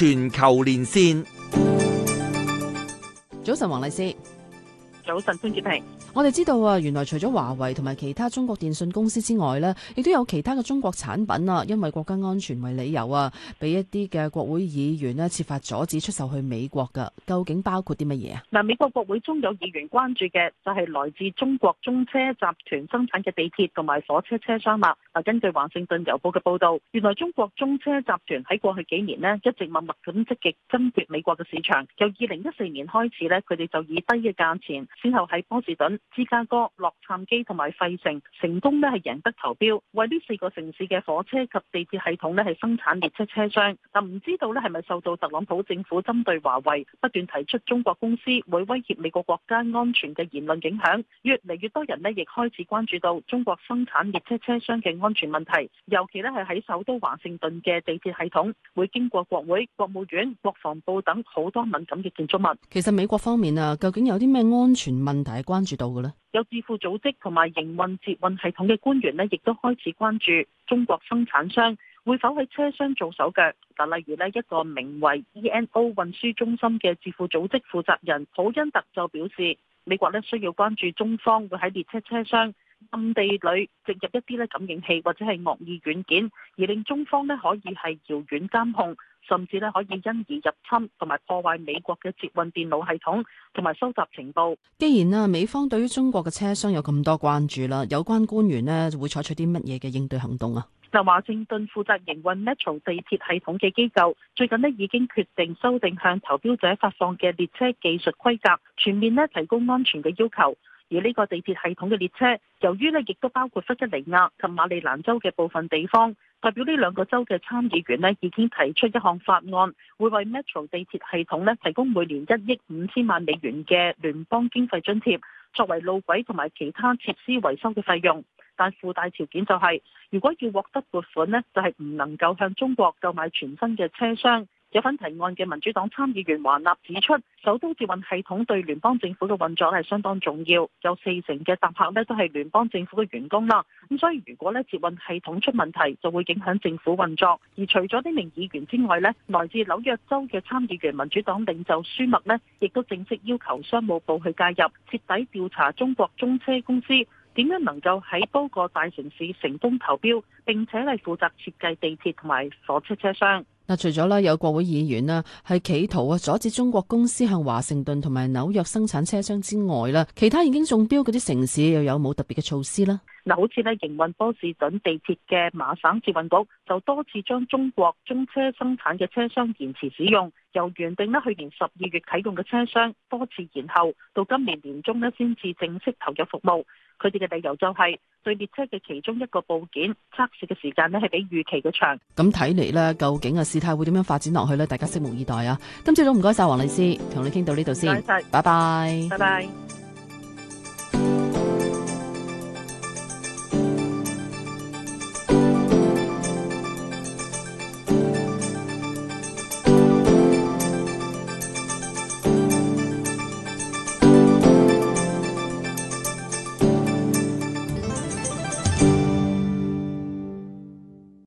全球連線，早晨，黃麗施。早晨，潘潔平。我哋知道啊，原來除咗華為同埋其他中國電信公司之外咧，亦都有其他嘅中國產品啊，因為國家安全為理由啊，俾一啲嘅國會議員咧設法阻止出售去美國噶。究竟包括啲乜嘢啊？嗱，美國國會中有議員關注嘅就係、是、來自中國中車集團生產嘅地鐵同埋火車車廂啦。嗱，根據華盛頓郵報嘅報道，原來中國中車集團喺過去幾年咧一直默默咁積極爭奪美國嘅市場。由二零一四年開始咧，佢哋就以低嘅價錢。先後喺波士頓、芝加哥、洛杉磯同埋費城成功咧係贏得投標，為呢四個城市嘅火車及地鐵系統咧係生產列車車廂。但唔知道咧係咪受到特朗普政府針對華為不斷提出中國公司會威脅美國國家安全嘅言論影響，越嚟越多人咧亦開始關注到中國生產列車車廂嘅安全問題，尤其咧係喺首都華盛頓嘅地鐵系統會經過國會、國務院、國防部等好多敏感嘅建築物。其實美國方面啊，究竟有啲咩安全？全問題係關注到嘅呢有智庫組織同埋營運捷運系統嘅官員呢，亦都開始關注中國生產商會否喺車廂做手腳。但例如呢一個名為 ENO 運輸中心嘅智庫組織負責人普恩特就表示，美國呢需要關注中方會喺列車車廂，暗地裏植入一啲咧感應器或者係惡意軟件，而令中方咧可以係遙遠監控，甚至咧可以因而入侵同埋破壞美國嘅捷運電腦系統同埋收集情報。既然啊美方對於中國嘅車廂有咁多關注啦，有關官員咧就會採取啲乜嘢嘅應對行動啊？就華盛頓負責營運 Metro 地鐵系統嘅機構，最近咧已經決定修訂向投標者發放嘅列車技術規格，全面咧提供安全嘅要求。而呢個地鐵系統嘅列車由於咧亦都包括弗吉尼亞及馬里蘭州嘅部分地方，代表呢兩個州嘅參議員咧已經提出一項法案，會為 Metro 地鐵系統咧提供每年一億五千萬美元嘅聯邦經費津貼，作為路軌同埋其他設施維修嘅費用。但附帶條件就係、是、如果要獲得撥款咧，就係、是、唔能夠向中國購買全新嘅車廂。有份提案嘅民主黨參議員華納指出，首都捷運系統對聯邦政府嘅運作咧係相當重要，有四成嘅搭客咧都係聯邦政府嘅員工啦。咁所以如果咧捷運系統出問題，就會影響政府運作。而除咗呢名議員之外咧，來自紐約州嘅參議員民主黨領袖舒默咧，亦都正式要求商務部去介入，徹底調查中國中車公司點樣能夠喺多個大城市成功投標，並且係負責設計地鐵同埋火車車廂。嗱，除咗有國會議員係企圖阻止中國公司向華盛頓同埋紐約生產車廂之外，其他已經中標嗰啲城市又有冇特別嘅措施呢？嗱，好似咧，營運波士頓地鐵嘅麻省捷運局就多次將中國中車生產嘅車廂延遲使用，由原定咧去年十二月啟用嘅車廂多次延後，到今年年中咧先至正式投入服務。佢哋嘅理由就係、是、對列車嘅其中一個部件測試嘅時間咧係比預期嘅長。咁睇嚟咧，究竟啊事態會點樣發展落去呢？大家拭目以待啊！今朝早唔該晒，黃麗施，同你傾到呢度先。拜拜。拜拜。